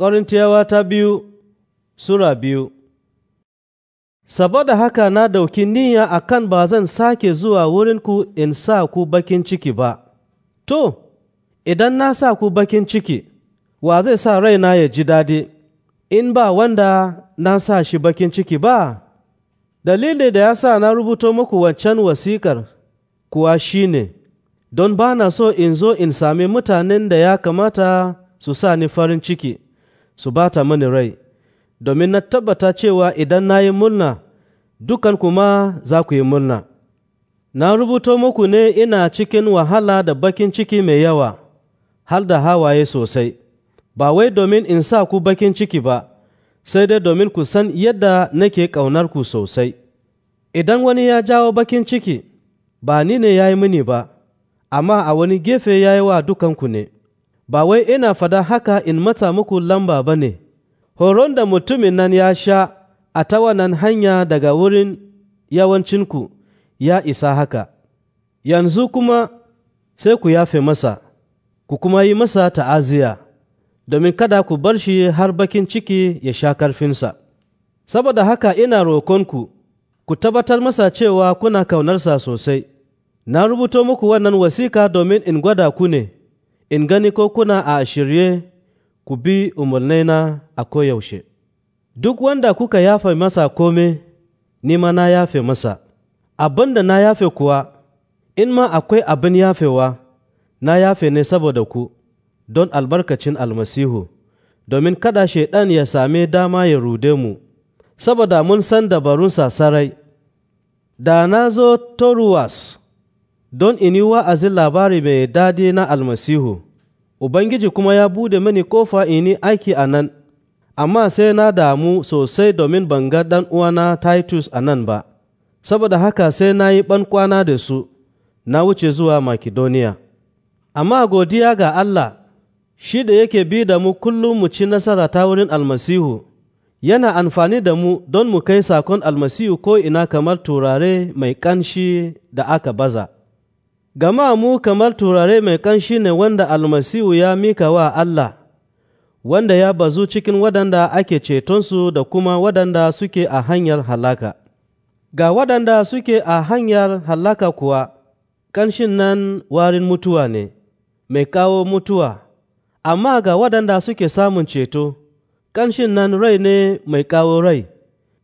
Korintiyawa ta biyu Sura biyu Saboda haka na dauki niyya a kan ba zan sake zuwa wurinku in sa ku bakin ciki ba, to, idan na sa ku bakin ciki, wa zai sa raina ya ji daɗi, in ba wanda na sa shi bakin ciki ba? Dalili da ya sa na rubuto muku wancan wasikar kuwa shi ne, don ba na so in zo in sami mutanen da ya kamata su sa ni farin ciki. su ba ta mini rai, domin na tabbata cewa idan na yi murna, dukan kuma za ku yi murna. Na rubuto muku ne ina cikin wahala da bakin ciki mai yawa, har da hawaye sosai, ba wai domin in sa ku bakin ciki ba, sai dai domin ku san yadda nake ƙaunar ku sosai. Idan wani ya jawo bakin ciki, ba ni ne ya yi mini ba, amma a wani gefe ya yi wa dukanku ne. ba wai ina fada haka in matsa muku lamba ba ne, horon da mutumin nan ya sha a ta wannan hanya daga wurin yawancinku ya isa haka, yanzu kuma sai ku yafe masa, ku kuma yi masa ta'aziya, domin kada ku bar shi har bakin ciki ya sha karfinsa. Saboda haka ina rokonku, ku tabbatar masa cewa kuna kaunarsa sosai, na rubuto muku wannan wasika domin in gwada ku ne. in gani ko kuna a shirye ku bi umarnaina a koyaushe. Duk wanda kuka yafe masa kome, ni ma na yafe masa, abin da na yafe kuwa, in ma akwai abin yafewa, na yafe ne saboda ku, don albarkacin almasihu, domin kada shaiɗan ya same dama ya rude mu, saboda mun san dabarunsa sarai. Da na zo Toruwas, don in yi wa'azin labari mai daɗi na almasihu, Ubangiji kuma ya bude mani kofa in yi aiki a nan, amma sai na damu sosai domin ban ga ɗan uwana Titus a nan ba, saboda haka sai na yi ɓankwana kwana da su, na wuce zuwa Makedoniya. Amma godiya ga Allah, shi da yake bi da mu kullum mu ci nasara ta wurin almasihu, yana amfani da mu don mu kai sakon almasihu ko ina kamar turare mai ƙanshi da aka baza. Gama mu kamar turare mai ƙanshi ne wanda almasihu ya mika wa Allah, wanda ya bazu cikin waɗanda ake cetonsu da kuma waɗanda suke a hanyar halaka. Ga waɗanda suke a hanyar halaka kuwa, ƙanshin nan warin mutuwa ne, mai kawo mutuwa, amma ga waɗanda suke samun ceto, ƙanshin nan rai ne mai kawo rai,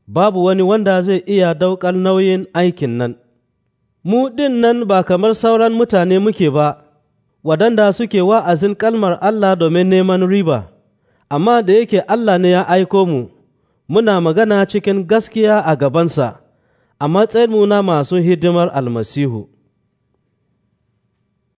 babu wani wanda zai iya daukar nauyin aikin nan. mu ɗin nan ba kamar sauran mutane muke ba, waɗanda suke wa'azin kalmar Allah domin neman riba, amma da yake Allah ne ya aiko mu, muna magana cikin gaskiya a gabansa, a matsayinmu na masu hidimar almasihu.